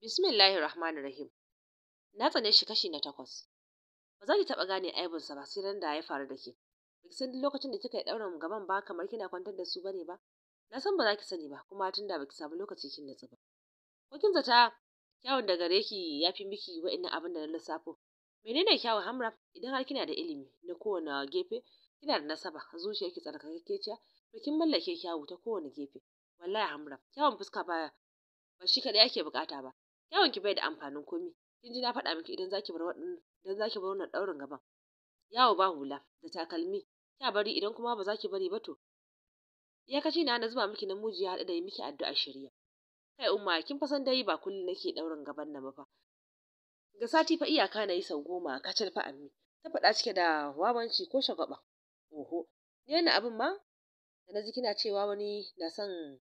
Bismillahir Rahmanir Rahim. Na tsane shi kashi na takwas. Ba za ki taɓa gane aibinsa ba sai ran da ya faru da ke. Ba san duk lokacin da kika yi ɗaurin gaban ba kamar kina kwantar da su bane ba. Na san ba za ki sani ba kuma tun da ba ki samu lokaci kin natsu ba. Ko kin zata kyawun da gare ki ya fi miki wa'innan abin da na lissafo. Menene kyawun Hamra idan har kina da ilimi na kowane gefe kina da nasaba zuciyarki tsarkakakkeciya to kin mallake kyawu ta kowane gefe. Wallahi Hamra kyawun fuska baya ba shi kaɗai ake bukata ba kyawun ki bai da amfanin komi. kin ji na faɗa miki idan zaki bar idan zaki bar wannan daurin gaban yawo ba hula da takalmi kya bari idan kuma ba zaki bari ba to iyakaci na na zuba miki na ya haɗu da yi miki addu'a shirya kai umma kin fa san dai ba kullum nake daurin gaban nan ba fa ga sati fa iyaka na yi sau goma kacal fa ammi ta faɗa cike da wawanci ko shagwaba oho ni wannan abin ma da na ji kina cewa wani na san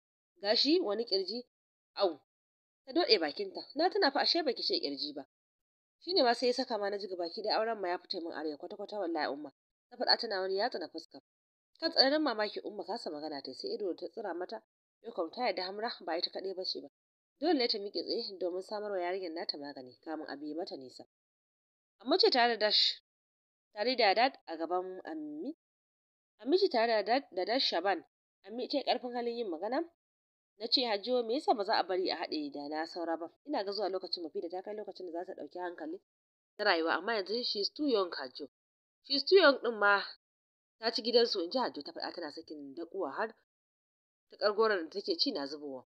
gashi wani kirji au ta dode bakinta na tana fa ashe baki ce kirji ba shine ma sai ya saka ma na jiga baki da auren ma ya fita min arewa kwata kwata wallahi umma ta faɗa tana wani yatsa na fuska kan tsananin mamaki umma kasa magana ta sai ido ta tsira mata ya ta da hamra ba ita kaɗai ba ce ba dole ne ta miƙe tsaye domin samar samarwa yarinyar nata magani kamun a biye mata nisa amma ce tare da dash tare da dad a gaban ammi ammi ce tare da dad da dash shaban ammi ta karfin halin yin magana na ce hajjo me yasa ba za a bari a haɗe da na saura ba ina ga zuwa lokacin da ta kai lokacin da za ta ɗauki hankali Na rayuwa amma yanzu shi is too young hajjo shi is too young ɗin ma ta ci gidansu in ji hajjo ta faɗa tana sakin daƙuwa har ta ƙargoran da take ci na zubowa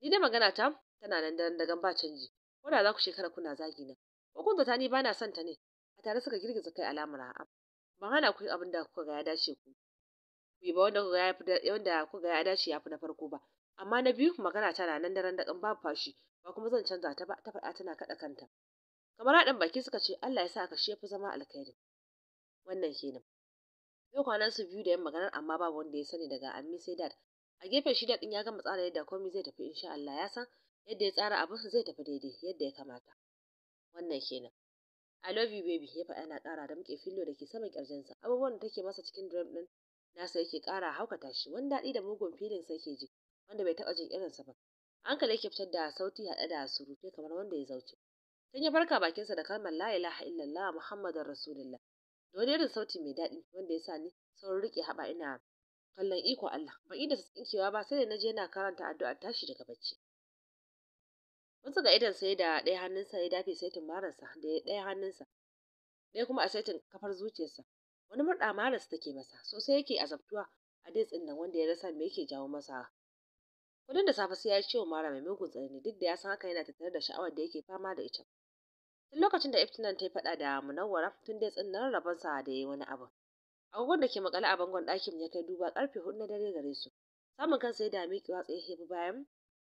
ni da magana ta tana nan daren dagan ba canji ko da za ku shekara kuna zagi na kun ta ni bana son ta ne a tare suka girgiza kai alamar a ban hana ku abin da kuka ga ya dace ku ku yi ba wanda kuka ga ya dace ya fi na farko ba amma na biyu magana tana nan daren dakan babu fashi ba kuma zan canza ta ba ta faɗa tana kaɗa kanta kamar haɗin baki suka ce Allah ya sa ka shi yafi zama alkhairin. wannan kenan yau kwanan su biyu da yan maganar amma babu wanda ya sani daga ammi sai dad a gefen shi din ya gama tsara yadda komai zai tafi insha Allah ya san yadda ya tsara abin zai tafi daidai yadda ya kamata wannan kenan I love you baby ya faɗa na ƙara da muke fillo da ke saman ƙirjinsa abubuwan da take masa cikin drum din nasa yake ƙara haukata shi wani daɗi da mugun filin sai ke ji wanda bai taɓa jin irinsa ba hankali yake fitar da sauti haɗe da surutai kamar wanda ya zauce tun ya bakin sa da kalmar la ilaha illallah muhammadar rasulullah da wani irin sauti mai daɗi wanda ya sa ni saurin riƙe haɓa ina kallon iko Allah ban da su tsinkewa ba sai da na je yana karanta addu'a tashi daga bacci wasu ga idan sai da ɗaya hannunsa ya dafe saitin mararsa da ɗaya hannunsa ɗaya kuma a saitin kafar zuciyarsa wani murɗa su take masa sosai yake azabtuwa a dai tsinnan wanda ya rasa me yake jawo masa Kullum da safe sai ya yi ciwon mara mai mugun tsanani duk da ya san haka yana tattare da sha'awar da yake fama da ita. Tun lokacin da Iftinan ta yi faɗa da Munawwara tun dai tsinnar rabonsa da ya yi wani abu. Agogon da ke makale a bangon ɗakin ya kai duba ƙarfe hudu na dare gare su. Samun kansa ya dami kiwa tsaye ya bayan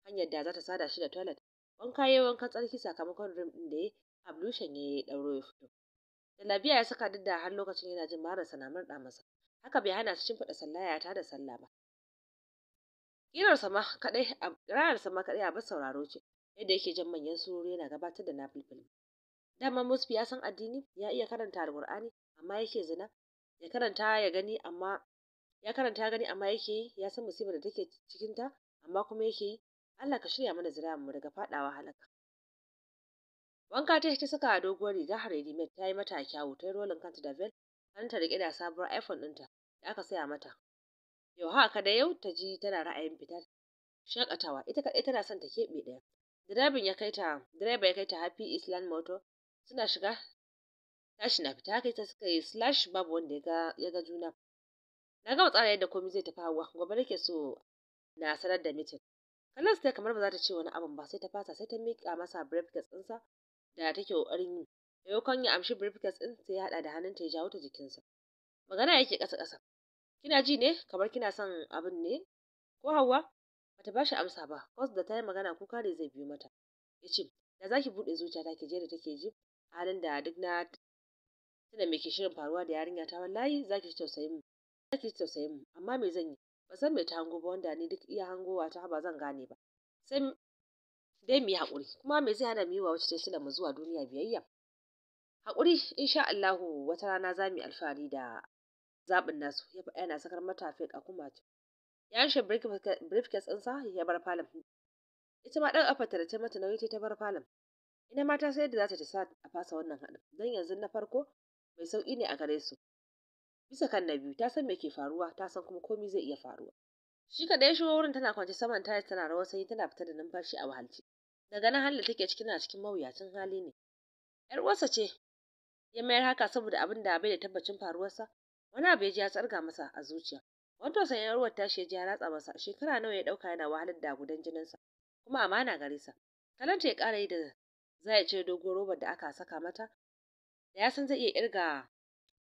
hanyar da za ta sada shi da toilet. Wanka ya yi wankan tsarki sakamakon rim ɗin da ya ablushan ya yi ɗauro ya fito. labiya ya saka duk da har lokacin yana jin marar na murɗa masa. Haka bai hana su shimfiɗa sallaya ta da sallah ba. Ƙirarsa ma kaɗai a ƙirarsa ma kaɗai bar sauraro ce yadda yake jan manyan surori yana gabatar da nafilfili. Dama Musfi ya san addini ya iya karanta Alƙur'ani amma yake zina ya karanta ya gani amma ya karanta ya gani amma yake yi ya san musibar da take cikin ta amma kuma yake yi Allah ka shirya mana zina mu daga faɗawa halaka. Wanka ta ta saka doguwar riga har ta yi mata kyawu ta yi rolin kanta da vel hannunta riƙe da sabuwar iPhone ɗinta da aka saya mata Yau haka da yau ta ji tana ra'ayin fita shakatawa ita kaɗai tana son ta keɓe ɗaya. Direban ya kai ta direba ya kai ta Happy Island Motor suna shiga tashi na fita haka ita suka yi slash babu wanda ya ga ya ga juna. Na gama tsara yadda komai zai tafi hawa gobe nake so na sanar da mitin. Kallon sai kamar ba za ta ce wani abin ba sai ta fasa sai ta mika masa briefcase ɗinsa da take kokarin yi. kan ya amshi briefcase ɗin sai ya haɗa da hannunta ya jawo ta jikinsa. Magana yake kasa kasa kina ji ne kamar kina son abin ne ko Hauwa bata bashi amsa ba kwas da ta yi magana kuka ne zai biyo mata yace da zaki bude zuciyata ki je da take ji halin da duk na tana me ke shirin faruwa da yarinya ta wallahi zaki ki tausayin mu zaki tausayin mu amma me zan yi ba san me ta hango ba wanda ni duk iya hangowa ta ba zan gane ba sai dai mu yi haƙuri kuma me zai hana mu yi wa wacce ta sila mu zuwa duniya biyayya haƙuri insha Allahu wata rana za mu yi alfahari da zaɓin nasu ya faɗa yana sakar mata fik a kumace ya rushe briefcase ɗinsa ya bar falon ita ma ɗan afata da ta mata nauyi ta bar falon ina mata sai da za ta ci sa a fasa wannan haɗin don yanzu na farko mai sauƙi ne a gare su bisa kan na biyu ta san me ke faruwa ta san kuma komi zai iya faruwa shi kaɗai ya shiga wurin tana kwance saman ta tana rawar sanyi tana fitar da numfashi a wahalci daga nan halin da take ciki na cikin mawuyacin hali ne yar uwarsa ce ya mayar haka saboda abin da bai da tabbacin faruwarsa wani abu ya ji ya tsarga masa a zuciya wanda sai ruwan tashi ya ji ya ratsa masa shekara nawa ya dauka yana wahalar da gudan jininsa kuma amana gare sa talanta ya kara yi da za ya cire dogon robar da aka saka mata da ya san zai iya irga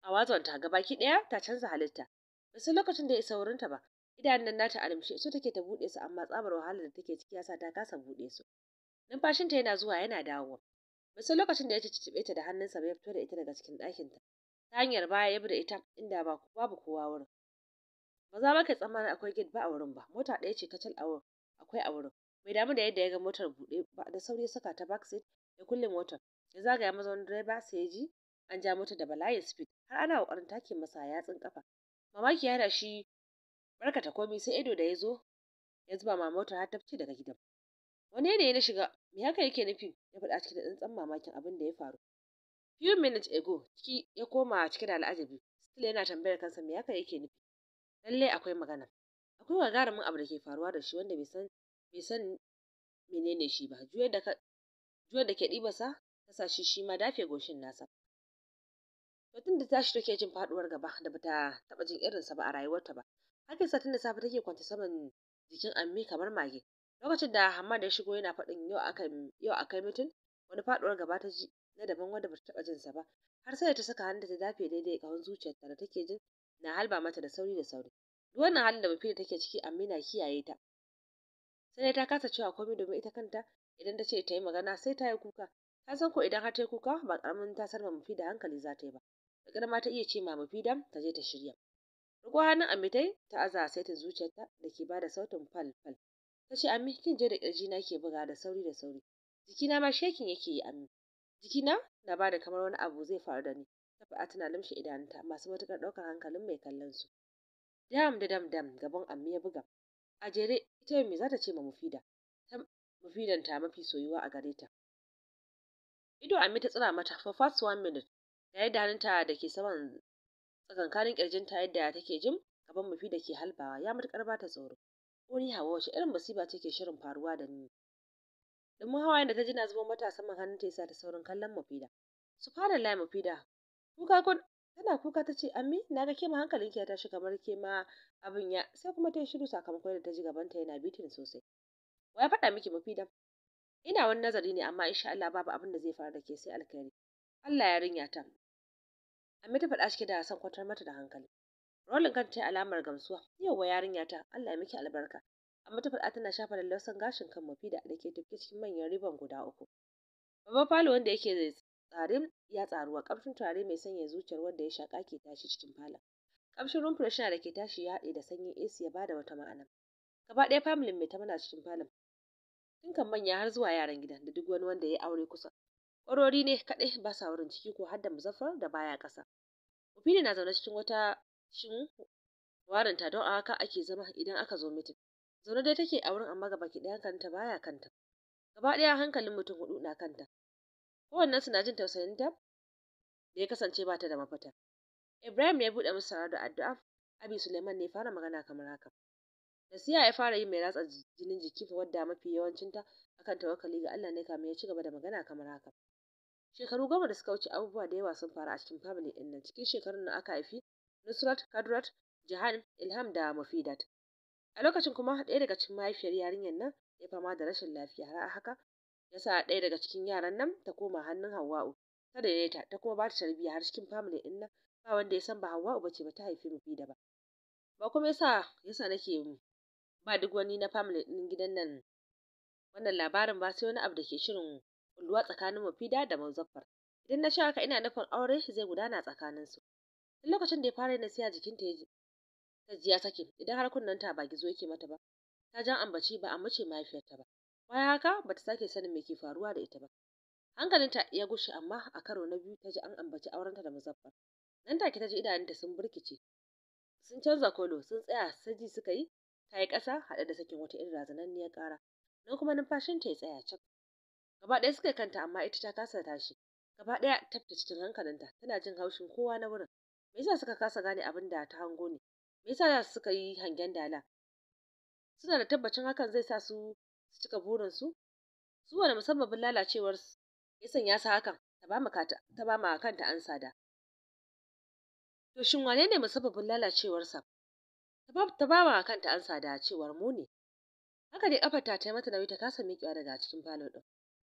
a ga baki ɗaya ta canza halitta bisa lokacin da ya isa wurinta ba idanun nata alimshe su take ta bude su amma tsabar wahalar da take ciki yasa ta kasa buɗe su numfashinta yana zuwa yana dawowa bisa lokacin da ya ci ta da hannunsa ya fito da ita daga cikin ɗakinta ta hanyar baya ya da ita inda ba babu kowa wurin ba za ma ka tsammanin akwai gate ba a wurin ba mota ɗaya ce kacal a wurin akwai a wurin bai damu da yadda ya ga motar buɗe ba da sauri ya saka ta back seat ya kulle motar ya zagaya mazaunin direba sai ya ji an ja mota da bala'in speed har ana kokarin take masa yatsun kafa mamaki ya da shi barkata komai sai ido da ya zo ya zuba ma motar har tafci daga gidan wani yanayi na shiga me haka yake nufi ya faɗa cikin da mamakin abin da ya faru Few minutes ago ciki ya koma cike da al'ajabi. Still yana tambayar kansa me haka yake nufi. Lalle akwai magana. Akwai gagarumin abu da ke faruwa da shi wanda bai san bai san menene shi ba. juya da juya da ke ɗibarsa ta sa shi shi ma dafe goshin nasa. To da tashi take jin faduwar gaba da bata taba jin irin sa ba a rayuwarta ba. haka satin tun da safe take kwanta saman jikin ammi kamar mage. Lokacin da da ya shigo yana faɗin yau akan yau akai wani faduwar gaba ta ji na daban wanda bata taɓa jinsa ba har sai da ta saka hannunta ta dafe daidai ƙahon zuciyarta da take jin na halba mata da sauri da sauri duk wannan halin da mafida take ciki amina kiyaye ta sai dai ta kasa cewa komai domin ita kanta idan ta ce ta yi magana sai ta yi kuka ta san ko idan har ta yi kuka ba karamin ta sarma mafida hankali za ta yi ba da ma ta iya ce ma mafida ta je ta shirya riko hannun amitai ta aza saitin zuciyarta da ke bada sautin fal fal ta ce ami kin je da kirji na ke buga da sauri da sauri jikina ma shekin yake yi ami jikina na bada kamar wani abu zai faru da ni ta faɗa tana lumshe idanunta masu matuƙar ɗaukar hankalin mai kallon su dam da dam dam gaban ammi ya buga a jere ita me za ta ce ma mufida ta mufidan ta mafi soyuwa a gare ta ido ammi ta tsira mata for first one minute da yadda hannunta da ke saman tsakankanin ƙirjinta yadda take jin gaban mufida ke halbawa ya matuƙar ba ta tsoro ko ni hawa wace irin musiba ce ke shirin faruwa da ni ne? domin hawayen da ta ji na zubo mata saman hannunta yasa ta saurin kallon mafida Su mafida kuka kun tana kuka ta ce ammi na ga kema hankalinki ya tashi kamar kema abin ya sai kuma ta yi shiru sakamakon da ta ji gabanta yana bitin sosai wa ya faɗa miki mafida ina wani nazari ne amma insha Allah babu abin da zai faru da ke sai alkhairi Allah ya rinya ta amma ta faɗa shi da san kwantar mata da hankali rolin kanta ta alamar gamsuwa yauwa yarinya ta Allah ya miki albarka amma ta faɗa tana shafa lallausan gashin kan mafi da ke tafke cikin manyan ribon guda uku babban falo wanda yake tsare ya tsaruwa kamshin turare mai sanya zuciyar wanda ya shaka ke tashi cikin falon kamshin room freshener da ke tashi ya haɗe da sanyin AC ya bada wata ma'ana gaba ɗaya familin mai ta mana cikin falon tun kan manya har zuwa yaran gida, da duk wani wanda ya aure kusa Ƙwarori ne kaɗai ba sa wurin ciki ko har da muzaffar da baya ƙasa Mufini na zaune cikin wata shin warinta don a haka ake zama idan aka zo mitin zaune dai take a wurin amma gaba ki ɗaya kanta baya kanta gaba ɗaya hankalin mutum hudu na kanta kowannen su na jin tausayin ta da ya kasance ba ta da mafita Ibrahim ya buɗe musu sarar da addu'a Abi Suleiman ne fara magana kamar haka Nasiha ya fara yi mai ratsa jinin jiki wadda mafi yawancinta akan tawakali ga Allah ne kamar ya ci gaba da magana kamar haka Shekaru goma da suka wuce abubuwa da yawa sun faru a cikin family ɗin nan cikin shekarun nan aka haifi Nusrat Kadrat Jahan Ilham da Mafidat a lokacin kuma ɗaya daga cikin mahaifiyar yarinyar nan ya fama da rashin lafiya har haka ya sa ɗaya daga cikin yaran nan ta koma hannun Kada ya daidaita ta kuma ba ta tarbiyya har cikin family ɗin nan ba wanda ya san ba ba ce ba ta haifi mu da ba ba kuma yasa yasa nake ba duk wani na family ɗin gidan nan wannan labarin ba sai wani abu da ke shirin kulluwa tsakanin Mafida da Muzaffar idan na sha haka ina nufin aure zai gudana tsakanin su lokacin da ya fara yin nasiya jikinta ya jiya take idan har kunnenta ba gizo yake mata ba. Ta jan ambaci ba a mace mahaifiyarta ba. Bayan haka ba ta sake sanin me ke faruwa da ita ba. Hankalinta ya gushe amma a karo na biyu ta ji an ambaci aurenta da Muzaffar. Nan take ta ji idanunta sun burkice. Sun canza kolo sun tsaya saji suka yi ta yi ƙasa haɗe da sakin wata irin razananniyar ƙara. Nan kuma numfashinta ya tsaya cak. Gaba ɗaya suka kanta amma ita ta kasa tashi. Gaba ɗaya ta fita cikin hankalinta tana jin haushin kowa na wurin. Me yasa suka kasa gane abin da ta hango ne? me yasa suka yi hangen dala suna da tabbacin hakan zai sa su su cika burinsu su wani musabbabin lalacewar ya sanya sa hakan ta ba ma kanta ansa da to shin wane ne musabbabin sa. ta ba ma kanta ansa da cewar mu ne haka dai kafar ta ta mata nauyi ta kasa miƙewa daga cikin falon din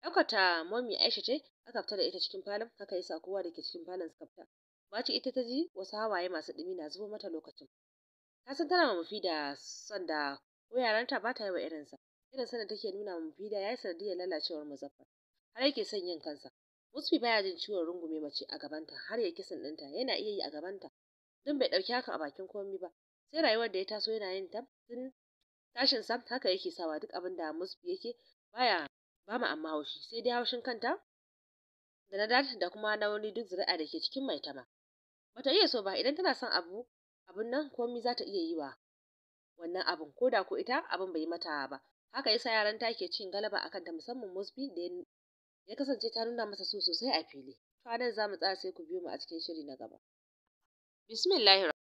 ɗaukar ta mommy Aisha ce aka fita da ita cikin falon haka yasa kowa da ke cikin falon suka fita baci ita ta ji wasu hawaye masu ɗumi na zubo mata lokacin ta san tana ma mufida son da ko yaranta ba ta yi wa irinsa irin sanda take nuna ma da ya yi sanadiyar lalacewar muzaffar har yake son yin kansa musfi baya jin ciwon rungume mace a gabanta har ya kisan ɗinta yana iya yi a gabanta don bai ɗauki haka a bakin komai ba sai rayuwar da ya taso yana yin ta tun tashin sa haka yake sawa duk abin da musfi yake baya ba mu amma haushi sai dai haushin kanta da na da kuma na duk zuri'a da ke cikin mai tama bata iya so ba idan tana son abu abun nan komai za ta iya yi wa wannan abun ko da ko ita abun bai mata ba haka yasa yaran ta ke cin galaba akan ta musamman Musbi da ya kasance ta nuna masa so sosai a fili to nan za mu tsaya sai ku biyo mu a cikin shiri na gaba bismillahir